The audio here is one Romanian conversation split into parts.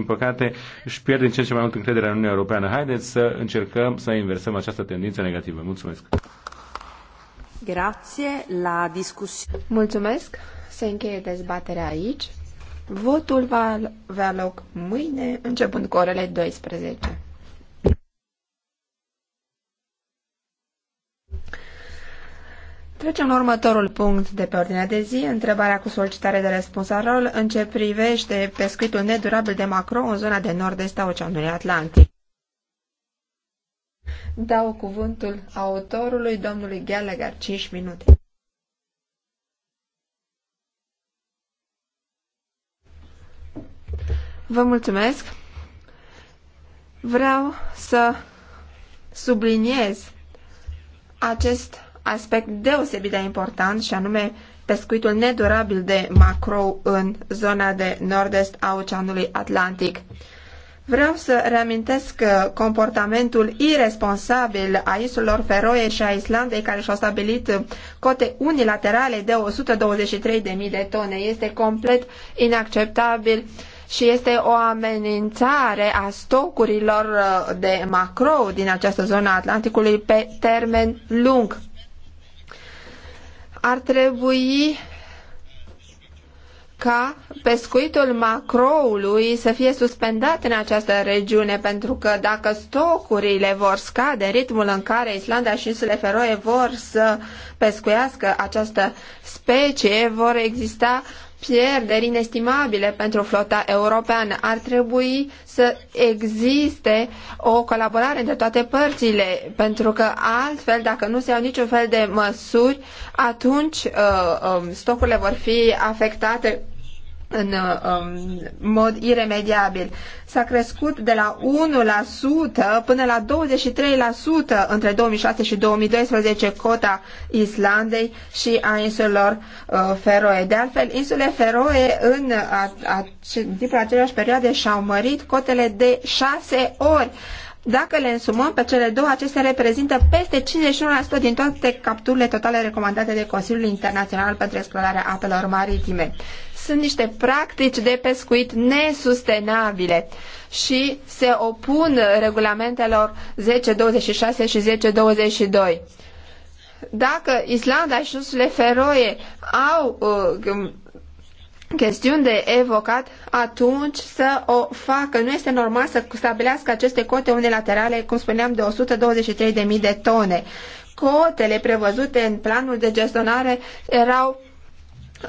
din păcate, își pierde în ce în ce mai mult încrederea în Uniunea Europeană. Haideți să încercăm să inversăm această tendință negativă. Mulțumesc! Grație la discuție. Mulțumesc! Se încheie dezbaterea aici. Votul va avea loc mâine, începând cu orele 12. Trecem la următorul punct de pe ordinea de zi, întrebarea cu solicitare de răspuns rol în ce privește pescuitul nedurabil de macro în zona de nord-est a Oceanului Atlantic. Dau cuvântul autorului, domnului Gallagher, 5 minute. Vă mulțumesc. Vreau să subliniez acest aspect deosebit de important și anume pescuitul nedurabil de macrou în zona de nord-est a Oceanului Atlantic. Vreau să reamintesc uh, comportamentul irresponsabil a insulor Feroe și a Islandei care și-au stabilit uh, cote unilaterale de 123.000 de tone. Este complet inacceptabil și este o amenințare a stocurilor uh, de macro din această zonă a Atlanticului pe termen lung ar trebui ca pescuitul macroului să fie suspendat în această regiune, pentru că dacă stocurile vor scade în ritmul în care Islanda și insulele Feroe vor să pescuiască această specie, vor exista pierderi inestimabile pentru flota europeană. Ar trebui să existe o colaborare între toate părțile, pentru că altfel, dacă nu se iau niciun fel de măsuri, atunci uh, uh, stocurile vor fi afectate în uh, um, mod iremediabil. S-a crescut de la 1% până la 23% între 2006 și 2012 cota Islandei și a insulelor uh, Feroe. De altfel, insule Feroe în, în timpul aceleași perioade și-au mărit cotele de 6 ori. Dacă le însumăm pe cele două, acestea reprezintă peste 51% din toate capturile totale recomandate de Consiliul Internațional pentru Explorarea Apelor Maritime sunt niște practici de pescuit nesustenabile și se opun regulamentelor 1026 și 1022. Dacă Islanda și insulele Feroe au uh, chestiuni de evocat, atunci să o facă. Nu este normal să stabilească aceste cote unilaterale, cum spuneam, de 123.000 de tone. Cotele prevăzute în planul de gestionare erau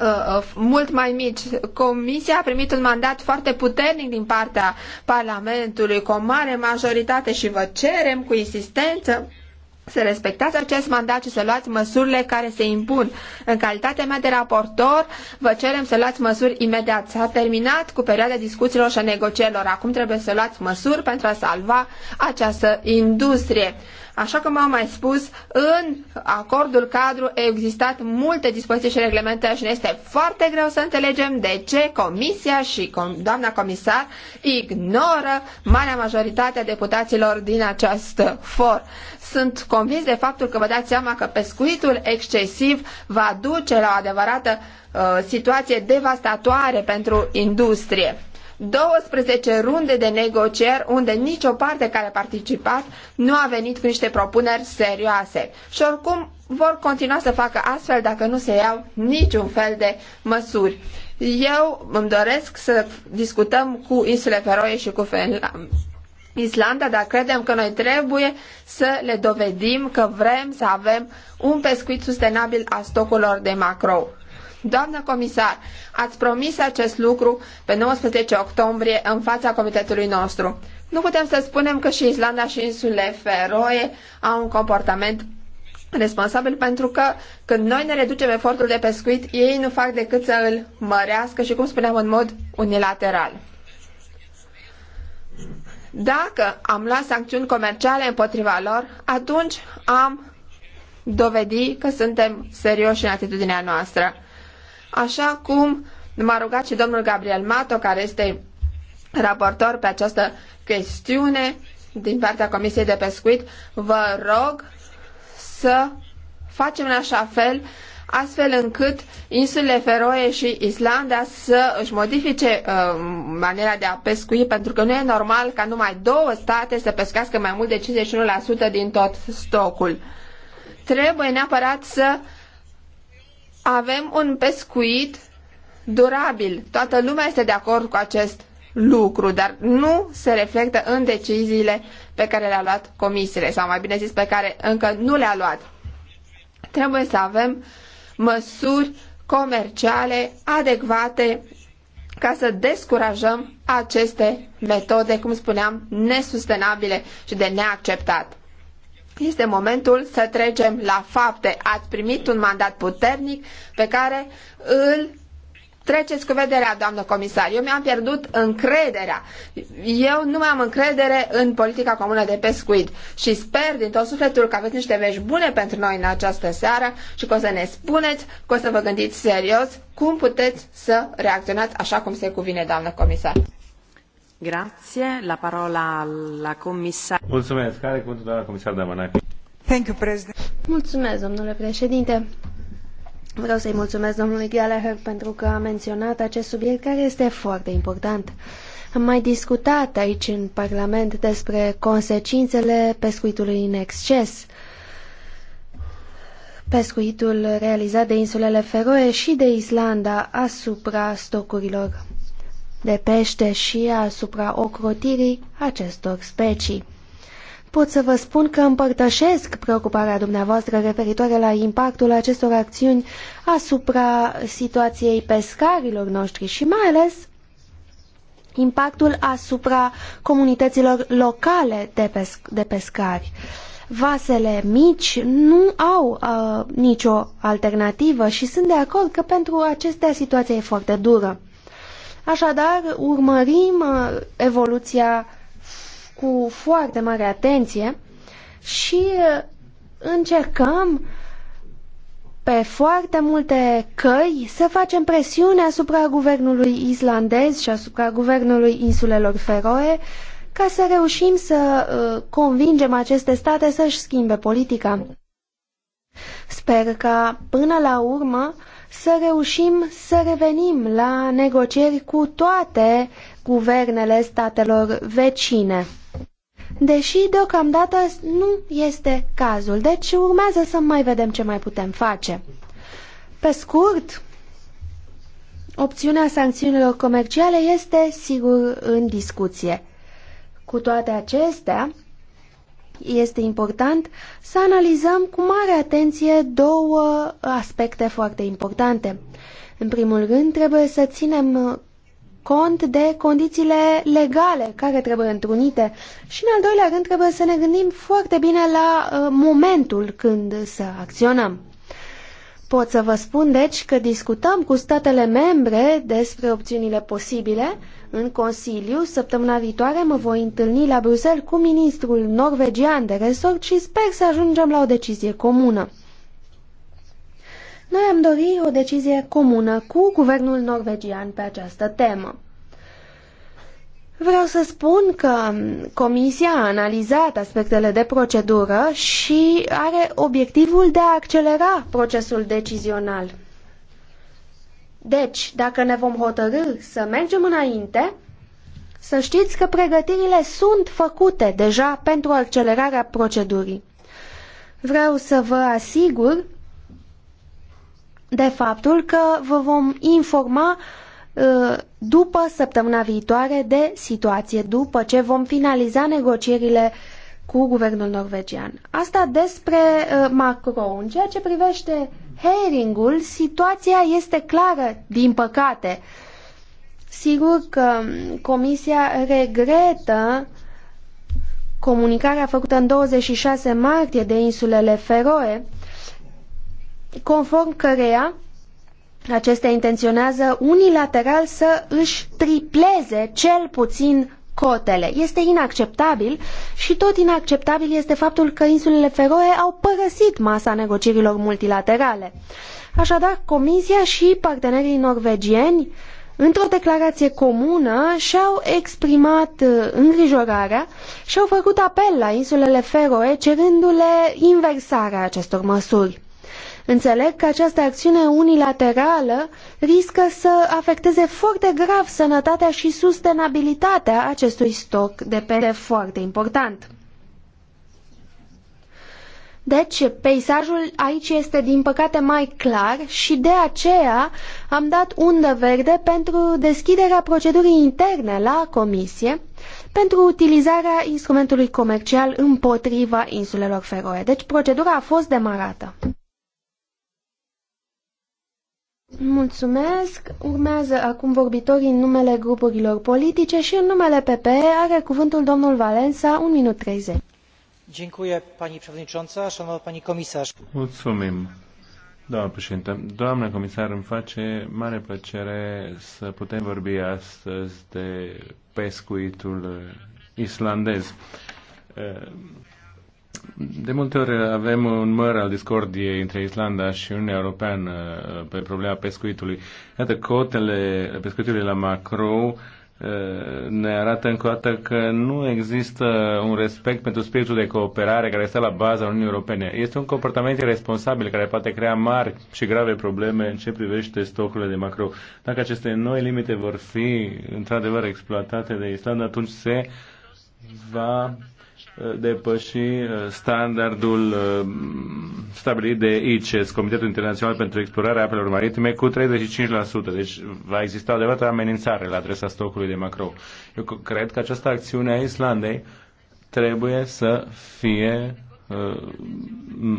Uh, uh, mult mai mici. Comisia a primit un mandat foarte puternic din partea Parlamentului, cu o mare majoritate și vă cerem cu insistență să respectați acest mandat și să luați măsurile care se impun. În calitatea mea de raportor, vă cerem să luați măsuri imediat. S-a terminat cu perioada discuțiilor și a negocierilor. Acum trebuie să luați măsuri pentru a salva această industrie. Așa cum am mai spus, în acordul cadru au existat multe dispoziții și reglementări și ne este foarte greu să înțelegem de ce Comisia și doamna comisar ignoră marea majoritate a deputaților din acest for. Sunt convins de faptul că vă dați seama că pescuitul excesiv va duce la o adevărată uh, situație devastatoare pentru industrie. 12 runde de negocieri unde nicio parte care a participat nu a venit cu niște propuneri serioase. Și oricum vor continua să facă astfel dacă nu se iau niciun fel de măsuri. Eu îmi doresc să discutăm cu insule Feroe și cu Islanda, dar credem că noi trebuie să le dovedim că vrem să avem un pescuit sustenabil a stocurilor de macro. Doamnă comisar, ați promis acest lucru pe 19 octombrie în fața comitetului nostru. Nu putem să spunem că și Islanda și insulele Feroe au un comportament responsabil pentru că când noi ne reducem efortul de pescuit, ei nu fac decât să îl mărească și, cum spuneam, în mod unilateral. Dacă am luat sancțiuni comerciale împotriva lor, atunci am dovedi că suntem serioși în atitudinea noastră așa cum m-a rugat și domnul Gabriel Mato, care este raportor pe această chestiune din partea Comisiei de Pescuit, vă rog să facem în așa fel astfel încât insulele Feroe și Islanda să își modifice uh, maniera de a pescui, pentru că nu e normal ca numai două state să pescuiască mai mult de 51% din tot stocul. Trebuie neapărat să avem un pescuit durabil. Toată lumea este de acord cu acest lucru, dar nu se reflectă în deciziile pe care le-a luat comisiile, sau mai bine zis, pe care încă nu le-a luat. Trebuie să avem măsuri comerciale adecvate ca să descurajăm aceste metode, cum spuneam, nesustenabile și de neacceptat este momentul să trecem la fapte. Ați primit un mandat puternic pe care îl Treceți cu vederea, doamnă comisar. Eu mi-am pierdut încrederea. Eu nu mai am încredere în politica comună de pescuit și sper din tot sufletul că aveți niște vești bune pentru noi în această seară și că o să ne spuneți, că o să vă gândiți serios cum puteți să reacționați așa cum se cuvine, doamnă comisar. Grazie. La parola la comisar. Mulțumesc. Care Thank you, Mulțumesc, domnule Vreau să-i mulțumesc domnului Gallagher pentru că a menționat acest subiect care este foarte important. Am mai discutat aici în Parlament despre consecințele pescuitului în exces, pescuitul realizat de insulele Feroe și de Islanda asupra stocurilor de pește și asupra ocrotirii acestor specii. Pot să vă spun că împărtășesc preocuparea dumneavoastră referitoare la impactul acestor acțiuni asupra situației pescarilor noștri și mai ales impactul asupra comunităților locale de, pesc de pescari. Vasele mici nu au uh, nicio alternativă și sunt de acord că pentru acestea situația e foarte dură. Așadar, urmărim uh, evoluția cu foarte mare atenție și uh, încercăm pe foarte multe căi să facem presiune asupra guvernului islandez și asupra guvernului insulelor Feroe ca să reușim să uh, convingem aceste state să-și schimbe politica. Sper că până la urmă să reușim să revenim la negocieri cu toate guvernele statelor vecine. Deși deocamdată nu este cazul, deci urmează să mai vedem ce mai putem face. Pe scurt, opțiunea sancțiunilor comerciale este sigur în discuție. Cu toate acestea, este important să analizăm cu mare atenție două aspecte foarte importante. În primul rând, trebuie să ținem cont de condițiile legale care trebuie întrunite și, în al doilea rând, trebuie să ne gândim foarte bine la uh, momentul când să acționăm. Pot să vă spun, deci, că discutăm cu statele membre despre opțiunile posibile. În Consiliu, săptămâna viitoare, mă voi întâlni la Bruxelles cu ministrul norvegian de resort și sper să ajungem la o decizie comună. Noi am dorit o decizie comună cu guvernul norvegian pe această temă. Vreau să spun că Comisia a analizat aspectele de procedură și are obiectivul de a accelera procesul decizional. Deci, dacă ne vom hotărâ să mergem înainte, să știți că pregătirile sunt făcute deja pentru accelerarea procedurii. Vreau să vă asigur de faptul că vă vom informa Uh, după săptămâna viitoare de situație, după ce vom finaliza negocierile cu guvernul norvegian. Asta despre uh, Macron. În ceea ce privește Heringul, situația este clară, din păcate. Sigur că um, Comisia regretă comunicarea făcută în 26 martie de insulele Feroe, conform căreia Acestea intenționează unilateral să își tripleze cel puțin cotele. Este inacceptabil și tot inacceptabil este faptul că insulele Feroe au părăsit masa negocierilor multilaterale. Așadar, Comisia și partenerii norvegieni, într-o declarație comună, și-au exprimat uh, îngrijorarea și au făcut apel la insulele Feroe cerându-le inversarea acestor măsuri. Înțeleg că această acțiune unilaterală riscă să afecteze foarte grav sănătatea și sustenabilitatea acestui stoc de pere foarte important. Deci, peisajul aici este din păcate mai clar și de aceea am dat undă verde pentru deschiderea procedurii interne la Comisie pentru utilizarea instrumentului comercial împotriva insulelor Feroe. Deci, procedura a fost demarată. Mulțumesc. Urmează acum vorbitorii în numele grupurilor politice și în numele PPE are cuvântul domnul Valensa, 1 minut 30. Dziękuję pani przewodnicząca, szanowna pani komisarz. Mulțumim. Doamna președintă, doamna comisar, îmi face mare plăcere să putem vorbi astăzi de pescuitul islandez de multe ori avem un măr al discordiei între Islanda și Uniunea Europeană uh, pe problema pescuitului. Iată, cotele pescuitului la macro uh, ne arată încă o dată că nu există un respect pentru spiritul de cooperare care stă la baza Uniunii Europene. Este un comportament irresponsabil care poate crea mari și grave probleme în ce privește stocurile de macro. Dacă aceste noi limite vor fi într-adevăr exploatate de Islanda, atunci se va depăși uh, standardul uh, stabilit de ICES, Comitetul Internațional pentru Explorarea Apelor Maritime, cu 35%. Deci va exista o adevărată amenințare la adresa stocului de macro. Eu cred că această acțiune a Islandei trebuie să fie Uh,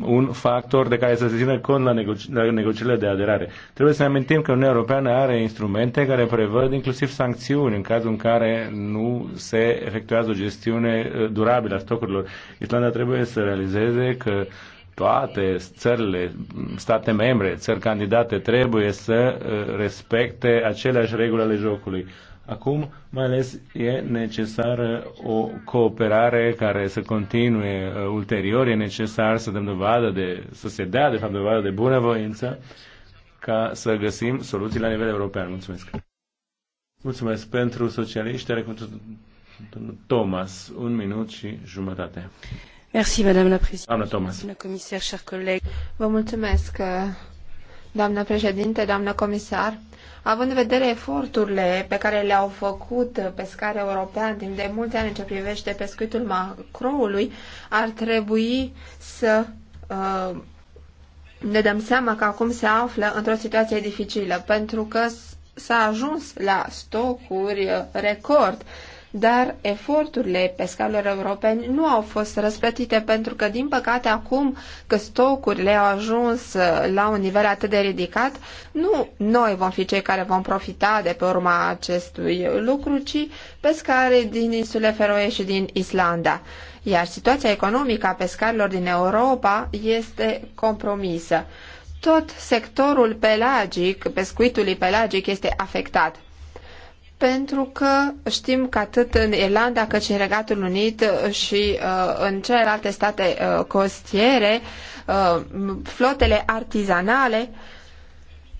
un factor de care să se țină cont la, negoci- la negocierile de aderare. Trebuie să ne amintim că Uniunea Europeană are instrumente care prevăd inclusiv sancțiuni în cazul în care nu se efectuează o gestiune uh, durabilă a stocurilor. Islanda trebuie să realizeze că toate țările, state membre, țări candidate trebuie să uh, respecte aceleași reguli ale jocului. Acum, mai ales, e necesară o cooperare care să continue uh, ulterior, e necesar să dăm dovadă de, să se dea, de fapt, dovadă de bunăvoință ca să găsim soluții la nivel european. Mulțumesc! Mulțumesc pentru socialiști, are domnul Thomas, un minut și jumătate. Merci, madame la Doamna Thomas. Doamna comisar, cher collègues. Vă mulțumesc, uh, doamna președinte, doamna comisar având în vedere eforturile pe care le-au făcut pescari europeani timp de multe ani în ce privește pescuitul macroului, ar trebui să uh, ne dăm seama că acum se află într-o situație dificilă, pentru că s-a ajuns la stocuri record dar eforturile pescarilor europeni nu au fost răsplătite pentru că, din păcate, acum că stocurile au ajuns uh, la un nivel atât de ridicat, nu noi vom fi cei care vom profita de pe urma acestui lucru, ci pescarii din insule Feroe și din Islanda. Iar situația economică a pescarilor din Europa este compromisă tot sectorul pelagic, pescuitului pelagic este afectat pentru că știm că atât în Irlanda cât și în Regatul Unit și uh, în celelalte state uh, costiere, uh, flotele artizanale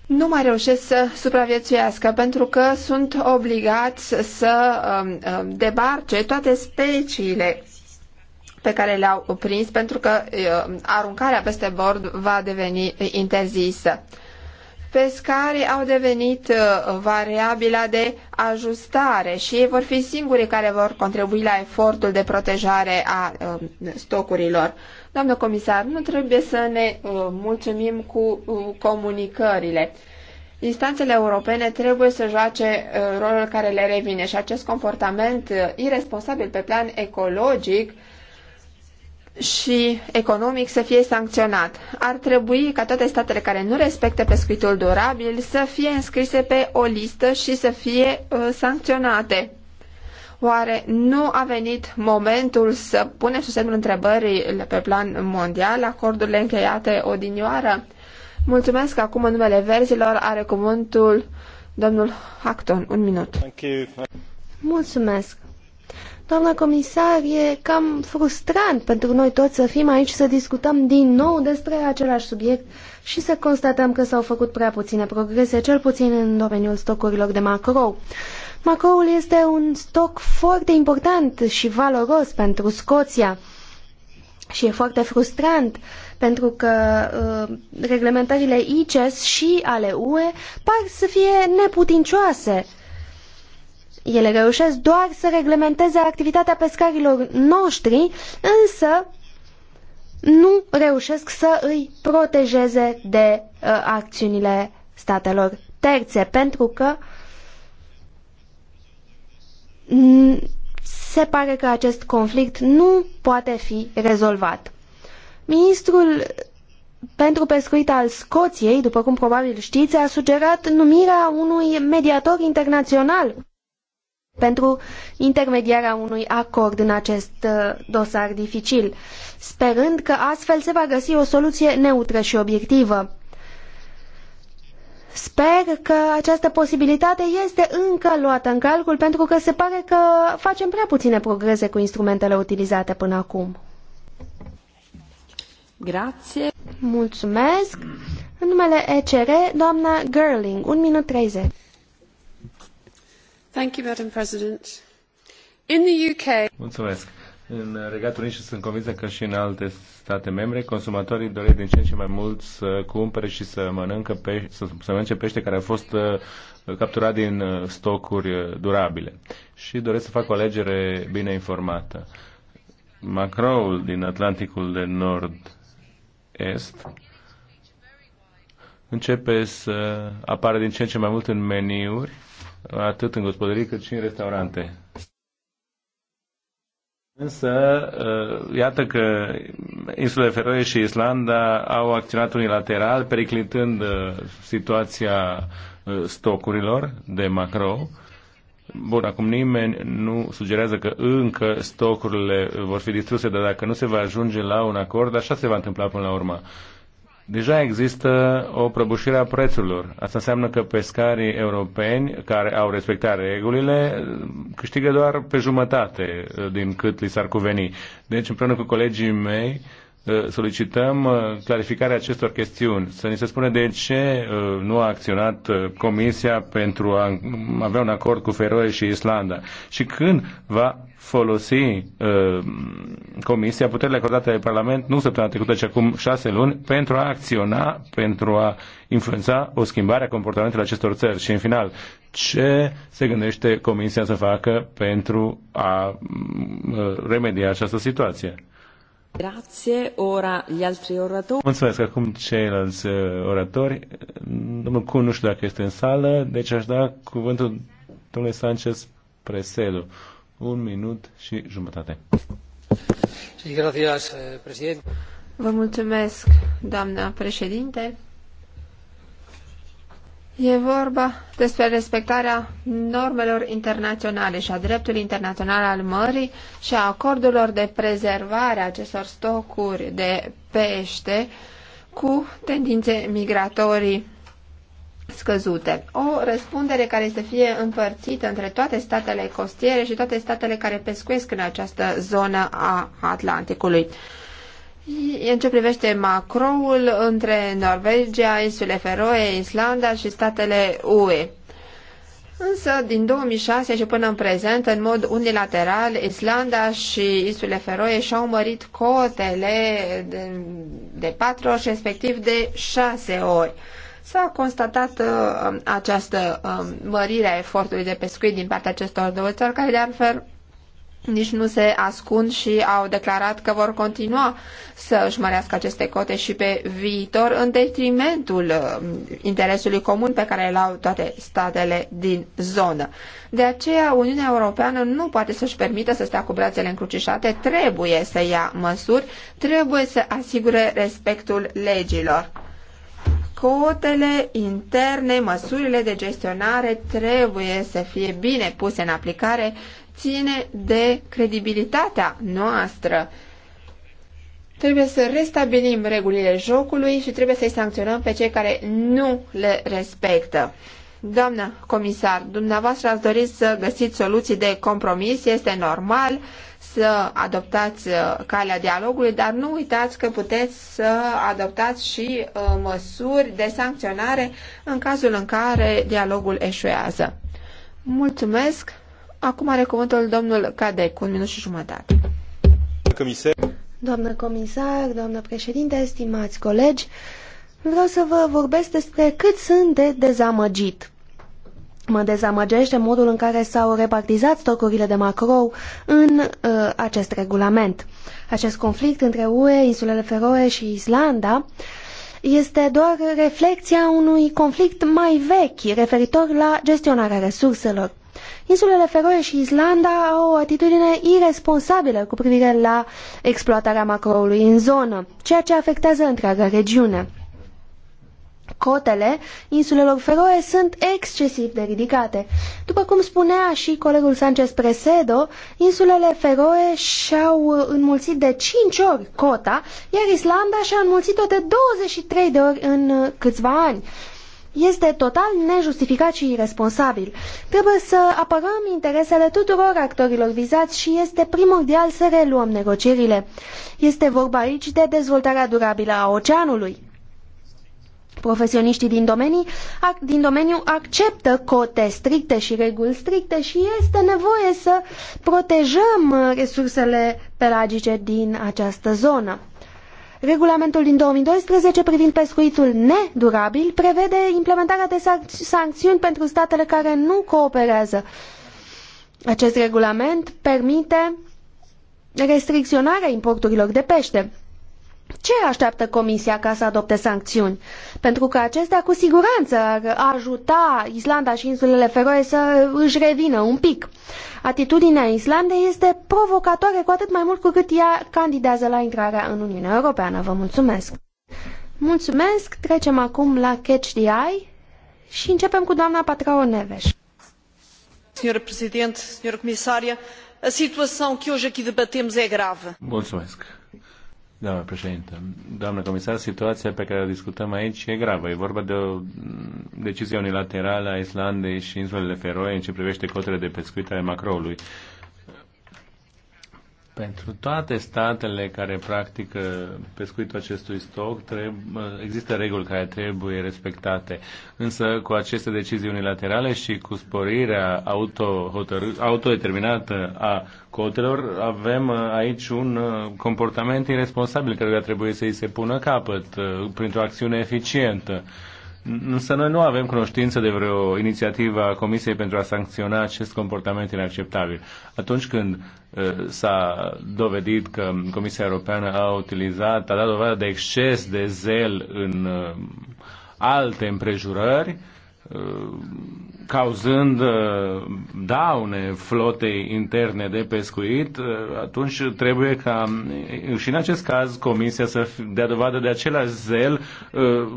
nu mai reușesc să supraviețuiască pentru că sunt obligați să um, um, debarce toate speciile pe care le-au prins pentru că uh, aruncarea peste bord va deveni interzisă. Pescari au devenit uh, variabila de ajustare și ei vor fi singurii care vor contribui la efortul de protejare a um, stocurilor. Doamnă comisar, nu trebuie să ne uh, mulțumim cu uh, comunicările. Instanțele europene trebuie să joace rolul care le revine și acest comportament irresponsabil pe plan ecologic și economic să fie sancționat. Ar trebui ca toate statele care nu respectă pescuitul durabil să fie înscrise pe o listă și să fie uh, sancționate. Oare nu a venit momentul să punem sub semnul întrebării pe plan mondial acordurile încheiate odinioară? Mulțumesc acum în numele verzilor are cuvântul domnul Acton. Un minut. Mulțumesc. Doamna comisar, e cam frustrant pentru noi toți să fim aici să discutăm din nou despre același subiect și să constatăm că s-au făcut prea puține progrese, cel puțin în domeniul stocurilor de macro. Macroul este un stoc foarte important și valoros pentru Scoția și e foarte frustrant pentru că uh, reglementările ICES și ale UE par să fie neputincioase uh, ele reușesc doar să reglementeze activitatea pescarilor noștri, însă nu reușesc să îi protejeze de uh, acțiunile statelor terțe, pentru că se pare că acest conflict nu poate fi rezolvat. Ministrul pentru pescuit al Scoției, după cum probabil știți, a sugerat numirea unui mediator internațional pentru intermediarea unui acord în acest uh, dosar dificil, sperând că astfel se va găsi o soluție neutră și obiectivă. Sper că această posibilitate este încă luată în calcul pentru că se pare că facem prea puține progrese cu instrumentele utilizate până acum. Grație. Mulțumesc. În numele ECR, doamna Gerling, 1 minut 30. Mulțumesc. În Regatul Unit și sunt convinsă că și în alte state membre, consumatorii doresc din ce în ce mai mult să cumpere și să mănâncă să, să mănânce pește care a fost uh, capturat din uh, stocuri uh, durabile și doresc să facă o alegere bine informată. Macroul din Atlanticul de Nord-Est începe să apară din ce în ce mai mult în meniuri atât în gospodării cât și în restaurante. Însă, uh, iată că insulele Feroe și Islanda au acționat unilateral, periclitând uh, situația uh, stocurilor de macro. Bun, acum nimeni nu sugerează că încă stocurile vor fi distruse, dar dacă nu se va ajunge la un acord, așa se va întâmpla până la urmă. Deja există o prăbușire a prețurilor. Asta înseamnă că pescarii europeni care au respectat regulile câștigă doar pe jumătate eh, din cât li s-ar cuveni. Deci, împreună cu colegii mei, Eh, solicităm eh, clarificarea acestor chestiuni. Să ni se spune de ce eh, nu a acționat Comisia pentru a avea un acord cu Feroe și Islanda și când va folosi Comisia puterile acordate de Parlament, nu săptămâna trecută, ci acum șase luni, pentru a acționa, pentru a influența o schimbare a comportamentului acestor țări. Și în final, ce se gândește Comisia să facă pentru a mm, remedia această situație? Grazie, ora gli altri oratori. Mulțumesc, acum ceilalți uh, oratori. Domnul Cun nu știu dacă este în sală, deci aș da cuvântul domnului Sanchez Preselu. Un minut și jumătate. Eh, Vă mulțumesc, doamna președinte. E vorba despre respectarea normelor internaționale și a dreptului internațional al mării și a acordurilor de prezervare a acestor stocuri de pește cu tendințe migratorii scăzute. O răspundere care să fie împărțită între toate statele costiere și toate statele care pescuiesc în această zonă a Atlanticului. În ce privește macroul între Norvegia, insule Feroe, Islanda și statele UE. Însă, din 2006 și până în prezent, în mod unilateral, Islanda și insule Feroe și-au mărit cotele de, de patru ori, respectiv de șase ori. S-a constatat uh, această uh, mărire a efortului de pescuit din partea acestor două țări, care de altfel nici nu se ascund și au declarat că vor continua să își mărească aceste cote și pe viitor, în detrimentul uh, interesului comun pe care îl au toate statele din zonă. De aceea, Uniunea Europeană nu poate să-și permită să stea cu brațele încrucișate, trebuie să ia măsuri, trebuie să asigure respectul legilor. Cotele interne, măsurile de gestionare trebuie să fie bine puse în aplicare ține de credibilitatea noastră. Trebuie să restabilim regulile jocului și trebuie să-i sancționăm pe cei care nu le respectă. Doamna comisar, dumneavoastră ați dorit să găsiți soluții de compromis, este normal să adoptați uh, calea dialogului, dar nu uitați că puteți să adoptați și uh, măsuri de sancționare în cazul în care dialogul eșuează. Mulțumesc! Acum are cuvântul domnul Cadec, un minut și jumătate. Doamnă comisar, doamnă președinte, stimați colegi, vreau să vă vorbesc despre cât sunt de dezamăgit. Mă dezamăgește modul în care s-au repartizat stocurile de macrou în uh, acest regulament. Acest conflict între UE, insulele Feroe și Islanda este doar reflecția unui conflict mai vechi referitor la gestionarea resurselor. Insulele Feroe și Islanda au o atitudine irresponsabilă cu privire la exploatarea macroului în zonă, ceea ce afectează întreaga regiune. Cotele insulelor Feroe sunt excesiv de ridicate. După cum spunea și colegul Sanchez Presedo, insulele Feroe și-au înmulțit de 5 ori cota, iar Islanda și-a înmulțit-o de 23 de ori în câțiva ani este total nejustificat și irresponsabil. Trebuie să apărăm interesele tuturor actorilor vizați și este primordial să reluăm negocierile. Este vorba aici de dezvoltarea durabilă a oceanului. Profesioniștii din, domenii, din domeniu acceptă cote stricte și reguli stricte și este nevoie să protejăm resursele pelagice din această zonă. Regulamentul din 2012 privind pescuitul nedurabil prevede implementarea de sancțiuni pentru statele care nu cooperează. Acest regulament permite restricționarea importurilor de pește. Ce așteaptă Comisia ca să adopte sancțiuni? Pentru că acestea cu siguranță ar ajuta Islanda și insulele Feroe să își revină un pic. Atitudinea Islandei este provocatoare cu atât mai mult cu cât ea candidează la intrarea în Uniunea Europeană. Vă mulțumesc! Mulțumesc! Trecem acum la Catch the Eye și începem cu doamna Patrao Neveș. Senhora Presidente, Senhora Comissária, a situação que hoje aqui debatemos é grave. Mulțumesc. Doamna președinte, doamnă comisar, situația pe care o discutăm aici e gravă. E vorba de o decizie unilaterală a Islandei și insulele Feroe în ce privește cotele de pescuit ale macroului. Pentru toate statele care practică pescuitul acestui stoc, există reguli care trebuie respectate. Însă, cu aceste decizii unilaterale și cu sporirea auto autodeterminată a cotelor, avem uh, aici un uh, comportament irresponsabil care trebuie să îi se pună capăt uh, printr-o acțiune eficientă. Însă noi nu avem cunoștință de vreo inițiativă a Comisiei pentru a sancționa acest comportament inacceptabil. Atunci când uh, s-a dovedit că Comisia Europeană a utilizat, a dat dovadă de exces de zel în uh, alte împrejurări, Uh, cauzând uh, daune flotei interne de pescuit, uh, atunci trebuie ca și în acest caz Comisia să dea dovadă de același zel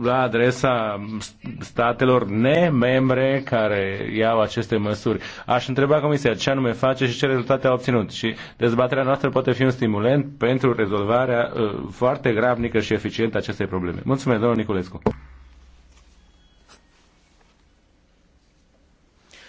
la adresa statelor nemembre care iau aceste măsuri. Aș întreba Comisia ce anume face și ce rezultate a obținut și dezbaterea noastră poate fi un stimulent pentru rezolvarea foarte gravnică și eficientă a acestei probleme. Mulțumesc, domnul Niculescu.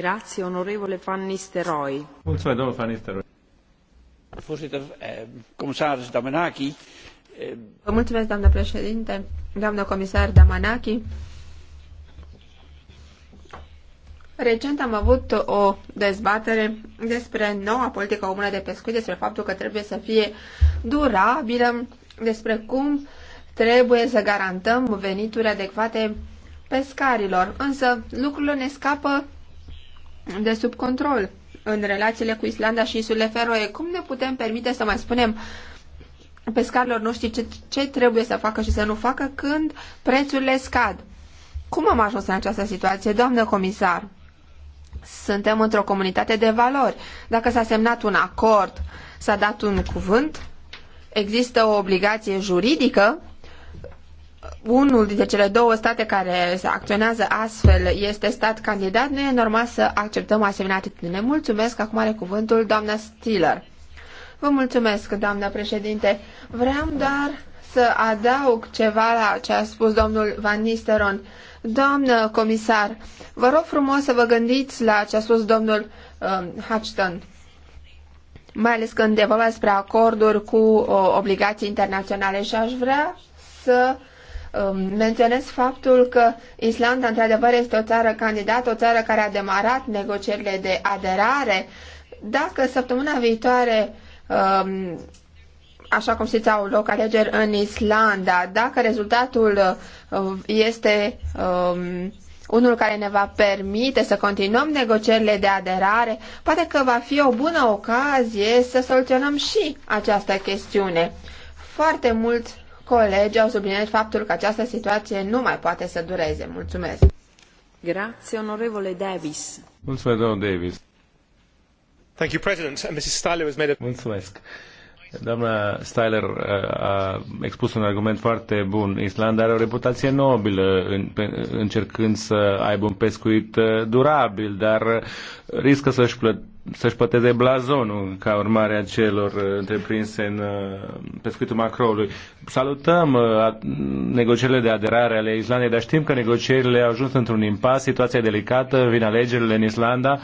Grazie, onorevole Van Mulțumesc, domnul Van Nistelrooy. Eh, eh, mulțumesc, doamnă președinte, doamnă comisar Damanaki. Recent am avut o dezbatere despre noua politică comună de pescuit, despre faptul că trebuie să fie durabilă, despre cum trebuie să garantăm venituri adecvate pescarilor. Însă lucrurile ne scapă de sub control în relațiile cu Islanda și insulele Feroe. Cum ne putem permite să mai spunem pescarilor noștri ce, ce trebuie să facă și să nu facă când prețurile scad? Cum am ajuns în această situație, doamnă comisar? Suntem într-o comunitate de valori. Dacă s-a semnat un acord, s-a dat un cuvânt, există o obligație juridică unul dintre cele două state care acționează astfel este stat candidat, nu e normal să acceptăm asemenea atitudine. Mulțumesc, acum are cuvântul doamna Stiller. Vă mulțumesc, doamna președinte. Vreau doar să adaug ceva la ce a spus domnul Van Nisteron. Doamnă comisar, vă rog frumos să vă gândiți la ce a spus domnul um, mai ales când e vorba despre acorduri cu o, uh, obligații internaționale și aș vrea să uh, Um, menționez faptul că Islanda, într-adevăr, este o țară candidată, o țară care a demarat negocierile de aderare. Dacă săptămâna viitoare, um, așa cum știți, au loc alegeri în Islanda, dacă rezultatul uh, este um, unul care ne va permite să continuăm negocierile de aderare, poate că va fi o bună ocazie să soluționăm și această chestiune. Foarte mult colegi au subliniat faptul că această situație nu mai poate să dureze. Mulțumesc! Grazie, onorevole Davis. Mulțumesc, domnul Davis. Thank you, President. Mrs. Styler has made a... Mulțumesc. Doamna Styler uh, a expus un argument foarte bun. Islanda are o reputație nobilă în, încercând să aibă un pescuit uh, durabil, dar riscă să-și plătească să-și păteze blazonul ca urmare a celor uh, întreprinse în uh, pescuitul macroului. Salutăm uh, negocierile de aderare ale Islandei, dar știm că negocierile au ajuns într-un impas, situația delicată, vin alegerile în Islanda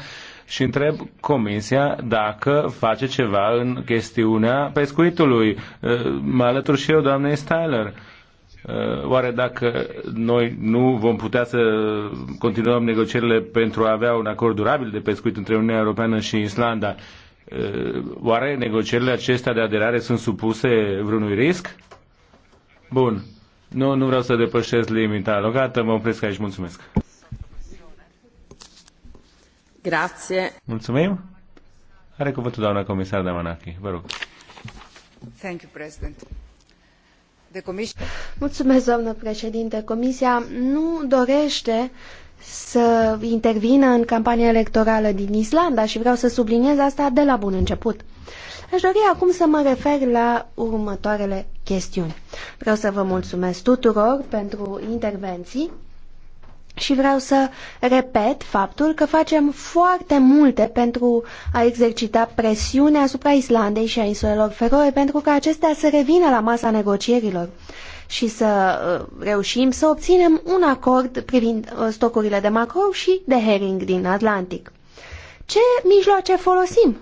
și întreb Comisia dacă face ceva în chestiunea pescuitului. Mă alătur și eu, doamnei Styler Uh, oare dacă noi nu vom putea să continuăm negocierile pentru a avea un acord durabil de pescuit între Uniunea Europeană și Islanda, uh, oare negocierile acestea de aderare sunt supuse vreunui risc? Bun. Nu, nu vreau să depășesc limita alocată. Mă opresc aici. Mulțumesc. Grazie. Mulțumim. Are cuvântul doamna comisar Damanachi. Vă rog. Thank you, President. Mulțumesc, doamnă președinte. Comisia nu dorește să intervină în campania electorală din Islanda și vreau să subliniez asta de la bun început. Aș dori acum să mă refer la următoarele chestiuni. Vreau să vă mulțumesc tuturor pentru intervenții și vreau să repet faptul că facem foarte multe pentru a exercita presiune asupra Islandei și a insulelor Feroe pentru ca acestea să revină la masa negocierilor și să uh, reușim să obținem un acord privind uh, stocurile de macrou și de herring din Atlantic. Ce mijloace folosim?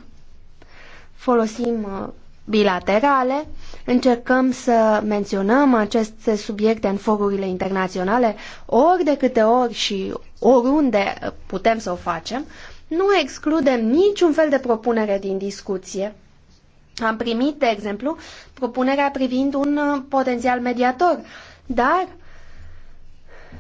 Folosim uh, bilaterale, Încercăm să menționăm aceste subiecte în forurile internaționale ori de câte ori și oriunde putem să o facem. Nu excludem niciun fel de propunere din discuție. Am primit, de exemplu, propunerea privind un uh, potențial mediator, dar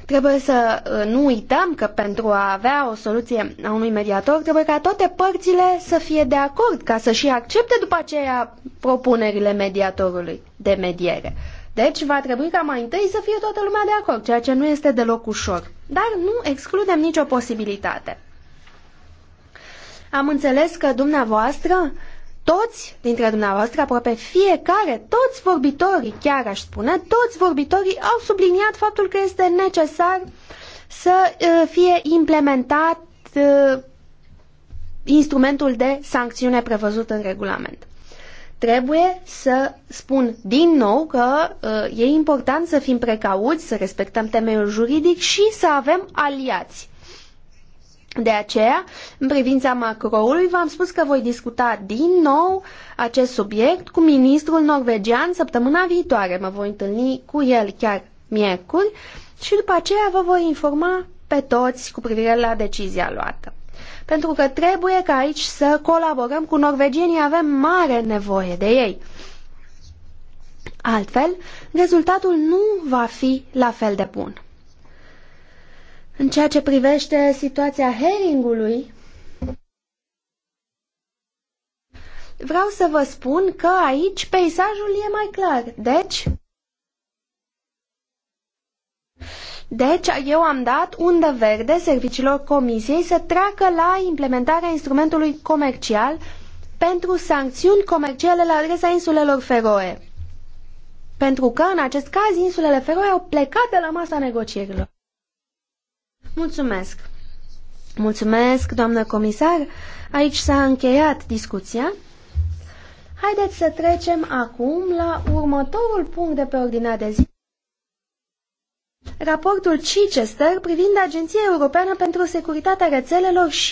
Trebuie să uh, nu uităm că pentru a avea o soluție a unui mediator trebuie ca toate părțile să fie de acord ca să și accepte după aceea propunerile mediatorului de mediere. Deci va trebui ca mai întâi să fie toată lumea de acord, ceea ce nu este deloc ușor. Dar nu excludem nicio posibilitate. Am înțeles că dumneavoastră toți dintre dumneavoastră, aproape fiecare, toți vorbitorii, chiar aș spune, toți vorbitorii au subliniat faptul că este necesar să fie implementat instrumentul de sancțiune prevăzut în regulament. Trebuie să spun din nou că e important să fim precauți, să respectăm temeiul juridic și să avem aliați. De aceea, în privința macroului, v-am spus că voi discuta din nou acest subiect cu ministrul norvegian săptămâna viitoare. Mă voi întâlni cu el chiar miercuri și după aceea vă voi informa pe toți cu privire la decizia luată. Pentru că trebuie ca aici să colaborăm cu norvegienii, avem mare nevoie de ei. Altfel, rezultatul nu va fi la fel de bun. În ceea ce privește situația heringului, vreau să vă spun că aici peisajul e mai clar. Deci, deci eu am dat undă verde serviciilor comisiei să treacă la implementarea instrumentului comercial pentru sancțiuni comerciale la adresa insulelor Feroe. Pentru că, în acest caz, insulele Feroe au plecat de la masa negocierilor. Mulțumesc! Mulțumesc, doamnă comisar! Aici s-a încheiat discuția. Haideți să trecem acum la următorul punct de pe ordinea de zi. Raportul Chichester privind Agenția Europeană pentru Securitatea Rețelelor și